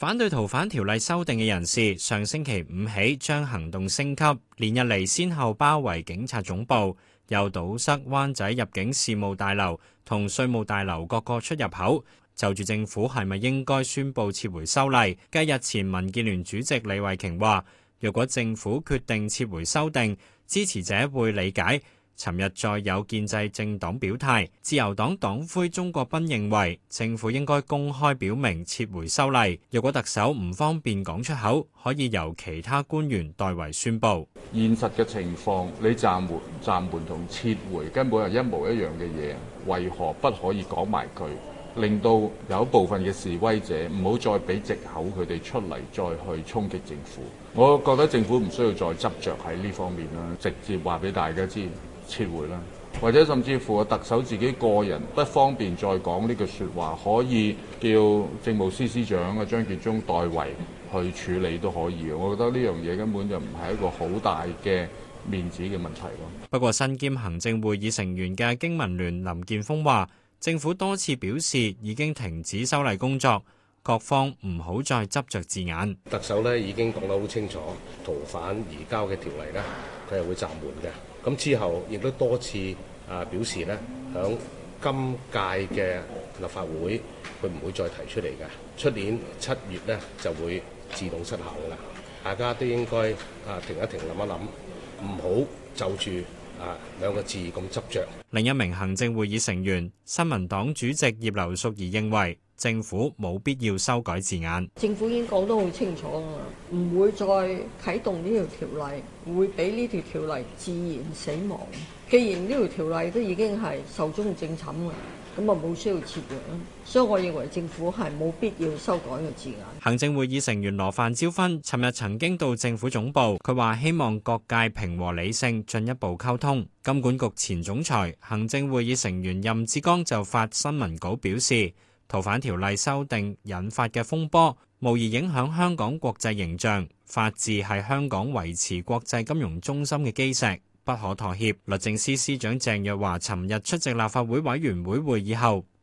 反對逃犯條例修訂嘅人士上星期五起將行動升級，連日嚟先後包圍警察總部，又堵塞灣仔入境事務大樓同稅務大樓各個出入口，就住政府係咪應該宣布撤回修例，繼日前民建聯主席李慧瓊話，若果政府決定撤回修訂，支持者會理解。尋日再有建制政黨表態，自由黨黨魁鍾國斌認為政府應該公開表明撤回修例。若果特首唔方便講出口，可以由其他官員代為宣布。現實嘅情況，你暫緩、暫緩同撤回根本係一模一樣嘅嘢，為何不可以講埋佢？令到有部分嘅示威者唔好再俾藉口，佢哋出嚟再去衝擊政府。我覺得政府唔需要再執着喺呢方面啦，直接話俾大家知。撤回啦，或者甚至乎特首自己個人不方便再講呢句說話，可以叫政務司司長啊張建宗代為去處理都可以。我覺得呢樣嘢根本就唔係一個好大嘅面子嘅問題咯。不過身兼行政會議成員嘅經民聯林健鋒話，政府多次表示已經停止修例工作，各方唔好再執着字眼。特首咧已經講得好清楚，逃犯移交嘅條例咧，佢係會暫緩嘅。咁之後亦都多次啊表示呢，響今屆嘅立法會，佢唔會再提出嚟嘅。出年七月呢就會自動失效㗎啦。大家都應該啊停一停，諗一諗，唔好就住啊兩個字咁執著。另一名行政會議成員、新民黨主席葉劉淑儀認為。政府冇必要修改字眼。政府已經講得好清楚啊，唔會再啟動呢條條例，會俾呢條條例自然死亡。既然呢條條例都已經係壽終正寢啦，咁啊冇需要撤回，所以我認為政府係冇必要修改個字眼。行政會議成員羅范椒芬尋日曾經到政府總部，佢話希望各界平和理性進一步溝通。金管局前總裁、行政會議成員任志剛就發新聞稿表示。逃犯條例修訂引發嘅風波，無疑影響香港國際形象。法治係香港維持國際金融中心嘅基石，不可妥協。律政司司長鄭若驊尋日出席立法會委員會會議後，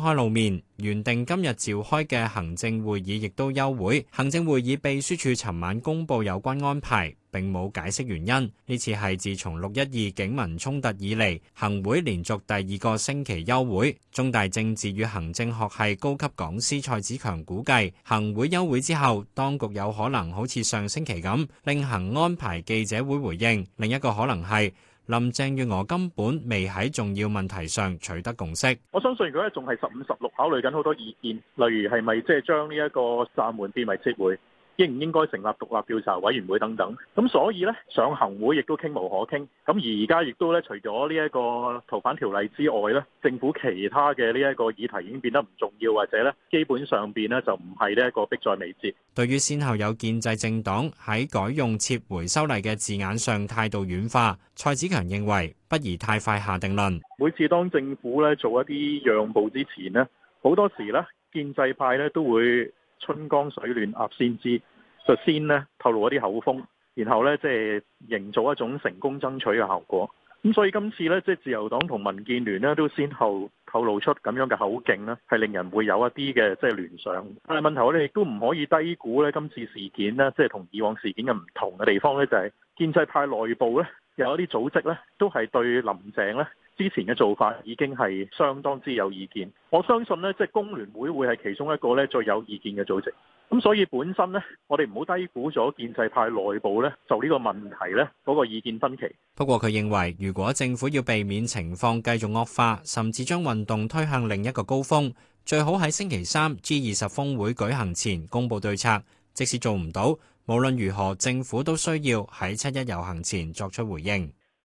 開露面，原定今日召開嘅行政會議亦都休會。行政會議秘書處尋晚公布有關安排，並冇解釋原因。呢次係自從六一二警民衝突以嚟，行會連續第二個星期休會。中大政治與行政學系高級講師蔡子強估計，行會休會之後，當局有可能好似上星期咁，另行安排記者會回應。另一個可能係。林鄭月娥根本未喺重要問題上取得共識。我相信佢咧仲係十五十六考慮緊好多意見，例如係咪即係將呢一個暫緩變為撤回。應唔應該成立獨立調查委員會等等，咁所以咧上行會亦都傾無可傾。咁而而家亦都咧，除咗呢一個逃犯條例之外咧，政府其他嘅呢一個議題已經變得唔重要，或者咧基本上邊咧就唔係呢一個迫在眉睫。對於先後有建制政黨喺改用撤回修例嘅字眼上態度軟化，蔡子強認為不宜太快下定論。每次當政府咧做一啲讓步之前呢，好多時咧建制派咧都會春江水暖鴨先知。就先咧透露一啲口風，然後咧即係營造一種成功爭取嘅效果。咁所以今次咧，即係自由黨同民建聯咧，都先後透露出咁樣嘅口徑啦，係令人會有一啲嘅即係聯想。但係問題我哋亦都唔可以低估咧今次事件咧，即係同以往事件嘅唔同嘅地方咧，就係建制派內部咧有一啲組織咧都係對林鄭咧。之前嘅做法已經係相當之有意見，我相信咧，即係工聯會會係其中一個咧最有意見嘅組織。咁所以本身咧，我哋唔好低估咗建制派內部咧就呢個問題咧嗰個意見分歧。不過佢認為，如果政府要避免情況繼續惡化，甚至將運動推向另一個高峰，最好喺星期三 G 二十峰會舉行前公佈對策。即使做唔到，無論如何，政府都需要喺七一遊行前作出回應。